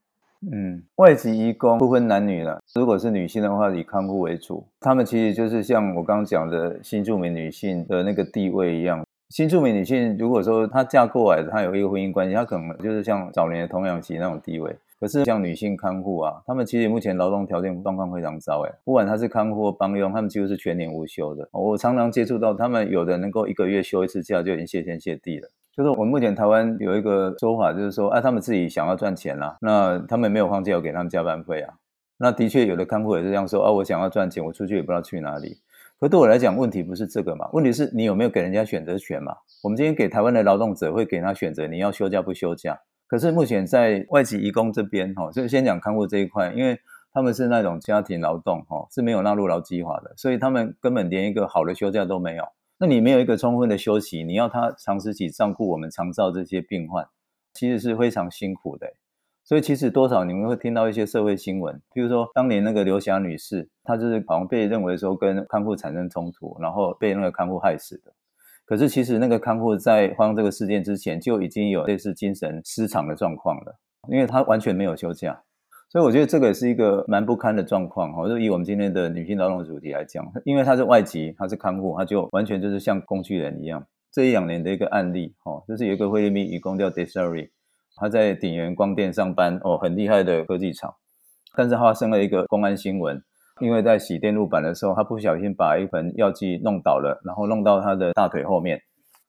嗯，外籍移工不分男女了。如果是女性的話，以看護為主。他們其實就是像我剛剛講的新住民女性的那個地位一樣。新住民女性，如果說她嫁過來，她有一個婚姻關係，她可能就是像早年的童養媳那種地位。可是像女性看護啊，他們其實目前勞動條件狀況非常糟欸。不管她是看護或幫傭，他們幾乎是全年無休的。我常常接觸到，他們有的能夠一個月休一次假，就已經謝天謝地了。就是我們目前台灣有一個說法，就是說，啊他們自己想要賺錢啦、啊，那他們沒有放假，我給他們加班費啊。那的確有的看護也是這樣說，啊我想要賺錢，我出去也不知道去哪裡。可對我來講，問題不是這個嘛。問題是你有沒有給人家選擇權嘛。我們今天給台灣的勞動者會給他選擇，你要休假不休假。可是目前在外籍移工這邊，哈，所以先講看護這一塊，因為他們是那種家庭勞動，哈，是沒有納入勞基法的，所以他們根本連一個好的休假都沒有。那你沒有一個充分的休息，你要他長時間照顧我們長照這些病患，其實是非常辛苦的。所以其實多少你們會聽到一些社會新聞，譬如說當年那個劉俠女士，她就是好像被認為說跟看護產生衝突，然後被那個看護害死的。可是其實那個看護在發生這個事件之前就已經有類似精神失常的狀況了，因為她完全沒有休假。所以我覺得這個也是一個蠻不堪的狀況哈、哦。就以我們今天的女性勞動主題來講，因為她是外籍，她是看護，她就完全就是像工具人一樣。這一兩年的一個案例哈、哦，就是有一個菲律賓女工叫 Desiree，她在鼎元光電上班哦，很厲害的科技廠。但是發生了一個工安新聞，因為在洗電路板的時候，她不小心把一盆藥劑弄倒了，然後弄到她的大腿後面。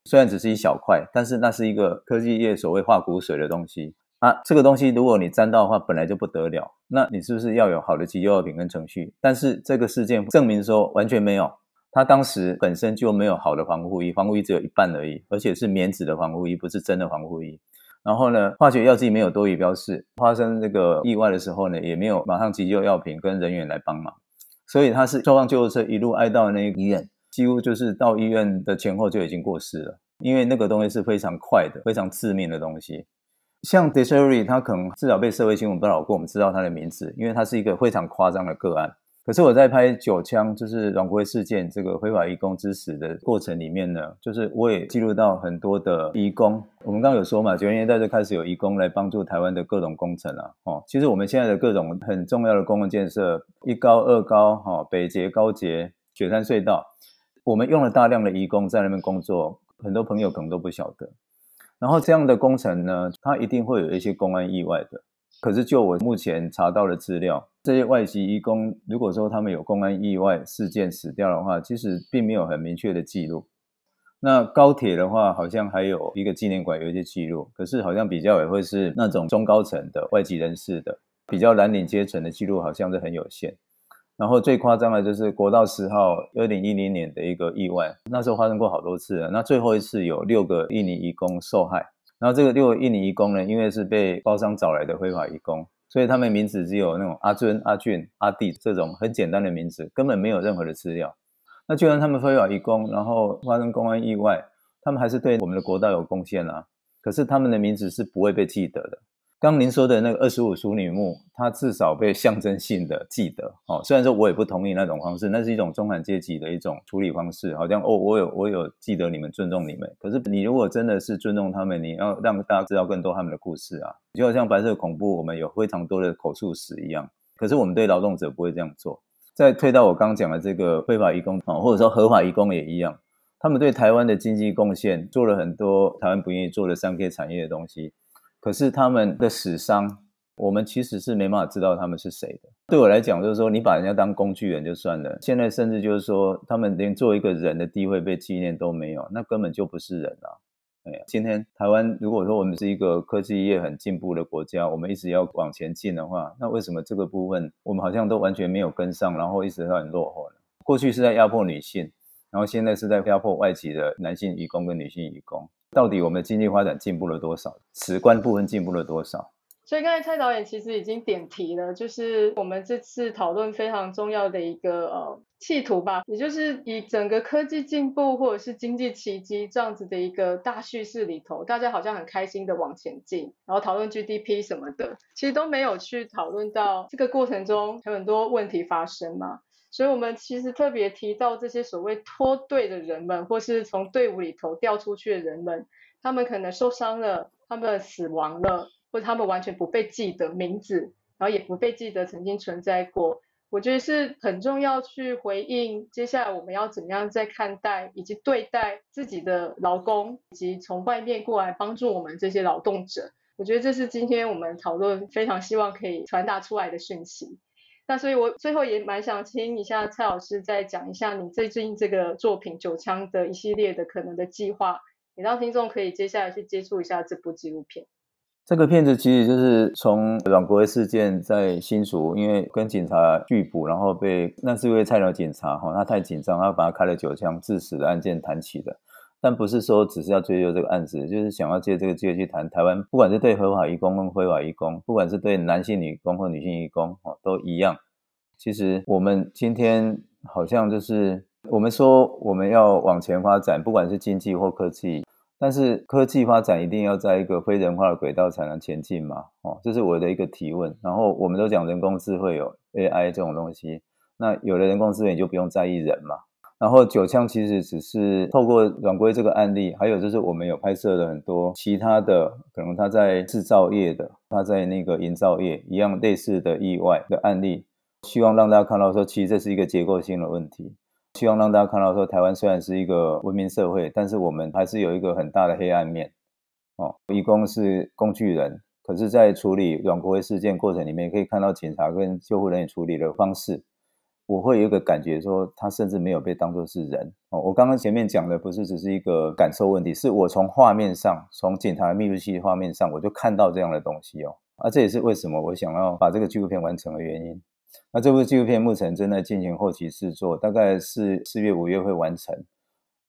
雖然只是一小塊，但是那是一個科技業所謂化骨水的東西。啊，這個東西如果你沾到的話，本來就不得了。那你是不是要有好的急救藥品跟程序？但是這個事件證明說完全沒有，他當時本身就沒有好的防護衣，防護衣只有一半而已，而且是棉質的防護衣，不是真的防護衣。然後呢，化學藥劑沒有多餘標示，發生這個意外的時候呢，也沒有馬上急救藥品跟人員來幫忙。所以他是坐上救護車一路挨到那個醫院，幾乎就是到醫院的前後就已經過世了，因為那個東西是非常快的，非常致命的東西。像 d i s h e r r y 他可能至少被社會新聞報道過，我們知道他的名字，因為他是一個非常誇張的個案。可是我在拍九槍，就是阮國非事件這個非法移工之死的過程裡面呢，就是我也記錄到很多的移工。我們剛剛有說嘛，九零年代就開始有移工來幫助台灣的各種工程了，啊。哦，其實我們現在的各種很重要的公共建設，一高、二高，哈、哦，北捷、高捷、雪山隧道，我們用了大量的移工在那邊工作，很多朋友可能都不曉得。然後這樣的工程呢，它一定會有一些工安意外的。可是就我目前查到的資料，這些外籍移工，如果說他們有工安意外事件死掉的話，其實並沒有很明確的記錄。那高鐵的話，好像還有一個紀念館有一些記錄，可是好像比較也會是那種中高層的外籍人士的，比較藍領階層的記錄好像是很有限。然後最誇張的就是國道十號二零一零年的一個意外，那時候發生過好多次了，那最後一次有六個印尼移工受害，然後這個六個印尼移工呢，因為是被包商找來的非法移工，所以他們名字只有那種阿尊、阿俊、阿弟這種很簡單的名字，根本沒有任何的資料。那就算他們非法移工，然後發生公安意外，他們還是對我們的國道有貢獻啊。可是他們的名字是不會被記得的。剛您說的那個二十五淑女墓，它至少被象徵性的記得哦。雖然說我也不同意那種方式，那是一種中產階級的一種處理方式，好像哦，我有我有記得你們尊重你們。可是你如果真的是尊重他們，你要讓大家知道更多他們的故事啊，就好像白色恐怖我們有非常多的口述史一樣。可是我們對勞動者不會這樣做。再推到我剛講的這個非法移工啊，哦，或者說合法移工也一樣，他們對台灣的經濟貢獻做了很多台灣不願意做的三 K 產業的東西。可是他們的死傷，我們其實是沒辦法知道他們是誰的。對我來講，就是說你把人家當工具人就算了。現在甚至就是說，他們連做一個人的地位被紀念都沒有，那根本就不是人啊！今天台灣如果說我們是一個科技業很進步的國家，我們一直要往前進的話，那為什麼這個部分我們好像都完全沒有跟上，然後一直都很落後呢？過去是在壓迫女性，然後現在是在壓迫外籍的男性移工跟女性移工。到底我們經濟發展進步了多少？史觀部分進步了多少？所以剛才蔡導演其實已經點題了，就是我們這次討論非常重要的一個呃企圖吧，也就是以整個科技進步或者是經濟奇蹟這樣子的一個大敘事裡頭，大家好像很開心的往前進，然後討論 GDP 什麼的，其實都沒有去討論到這個過程中有很多問題發生嘛。所以，我們其實特別提到這些所謂脫隊的人們，或是從隊伍裡頭掉出去的人們，他們可能受傷了，他們死亡了，或他們完全不被記得名字，然後也不被記得曾經存在過。我覺得是很重要去回應，接下來我們要怎麼樣再看待以及對待自己的勞工，以及從外面過來幫助我們這些勞動者。我覺得這是今天我們討論非常希望可以傳達出來的訊息。那所以，我最後也蠻想聽一下蔡老師再講一下你最近這個作品《九槍》的一系列的可能的計劃，也讓聽眾可以接下來去接觸一下這部紀錄片。這個片子其實就是從阮國非事件在新竹，因為跟警察拒捕，然後被那是因為菜鳥警察哈、哦，他太緊張，他把他開了九槍致死的案件談起的。但不是說只是要追究這個案子，就是想要借這個機會去談台灣，不管是對合法移工跟非法移工，不管是對男性移工或女性移工，哦，都一樣。其實我們今天好像就是我們說我們要往前發展，不管是經濟或科技，但是科技發展一定要在一個非人化的軌道才能前進嘛，哦，這是我的一個提問。然後我們都講人工智慧有、哦、AI 這種東西，那有了人工智慧你就不用在意人嘛？然後，九槍其實只是透過阮國非這個案例，還有就是我們有拍攝了很多其他的，可能他在製造業的，他在那個營造業一樣類似的意外的案例，希望讓大家看到說，其實這是一個結構性的問題。希望讓大家看到說，台灣雖然是一個文明社會，但是我們還是有一個很大的黑暗面。哦，移工是工具人，可是，在處理阮國非事件過程裡面，可以看到警察跟救護人員處理的方式。我會有一個感覺，說他甚至沒有被當作是人哦。我剛剛前面講的不是只是一個感受問題，是我從畫面上，從警察的密錄器畫面上，我就看到這樣的東西哦。啊，這也是為什麼我想要把這個紀錄片完成的原因、啊。那這部紀錄片目前正在進行後期制作，大概是四月、五月會完成。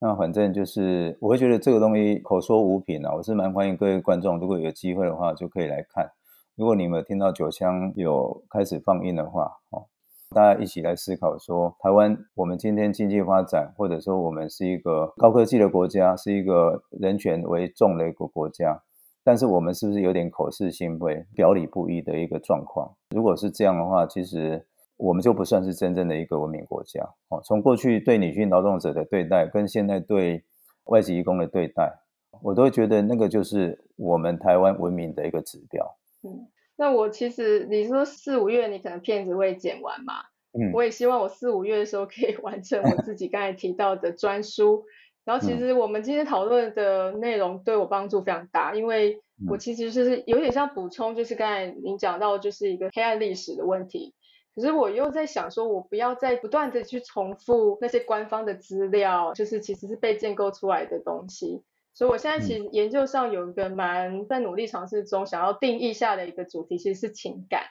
那反正就是我會覺得這個東西口說無憑啊，我是蠻歡迎各位觀眾，如果有機會的話就可以來看。如果你們有聽到酒香，有開始放映的話，哦。大家一起來思考說，說台灣我們今天經濟發展，或者說我們是一個高科技的國家，是一個人權為重的一個國家，但是我們是不是有點口是心非、表裡不一的一個狀況？如果是這樣的話，其實我們就不算是真正的一個文明國家。哦，從過去對女性勞動者的對待，跟現在對外籍移工的對待，我都會覺得那個就是我們台灣文明的一個指標。嗯那我其實你說四五月你可能片子會剪完嘛，我也希望我四五月的時候可以完成我自己剛才提到的專書。然後其實我們今天討論的內容對我幫助非常大，因為我其實就是有點像補充，就是剛才您講到就是一個黑暗歷史的問題，可是我又在想說我不要再不斷地去重複那些官方的資料，就是其實是被建構出來的東西。所以，我現在其實研究上有一個蠻在努力嘗試中，想要定義下的一個主題，其實是情感。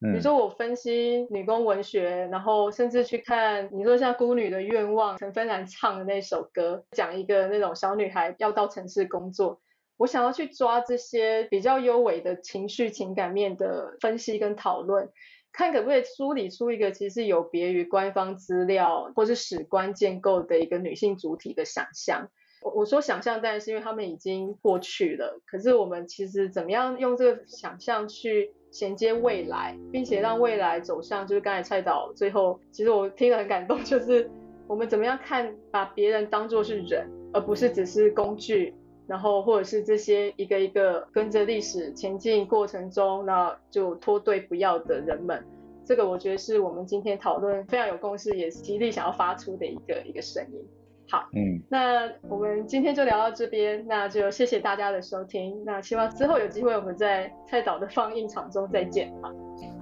嗯，比如說我分析女工文學，然後甚至去看，你說像《孤女的願望》，陳芬蘭唱的那首歌，講一個那種小女孩要到城市工作，我想要去抓這些比較優美的情緒、情感面的分析跟討論，看可不可以梳理出一個其實有別於官方資料或是史觀建構的一個女性主體的想象。我說想象，但是因為他們已經過去了，可是我們其實怎麼樣用這個想象去銜接未來，並且讓未來走向，就是剛才蔡導最後，其實我聽了很感動，就是我們怎麼樣看，把別人當作是人，而不是只是工具，然後或者是這些一個一個跟着歷史前進過程中，那就脫隊不要的人們，這個我覺得是我們今天討論非常有共識，也是極力想要發出的一個一個聲音。好，嗯，那我們今天就聊到這邊，那就謝謝大家的收聽，那希望之後有機會我們在蔡導的放映場中再見啊！好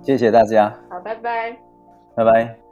謝謝大家，好，拜拜，拜拜。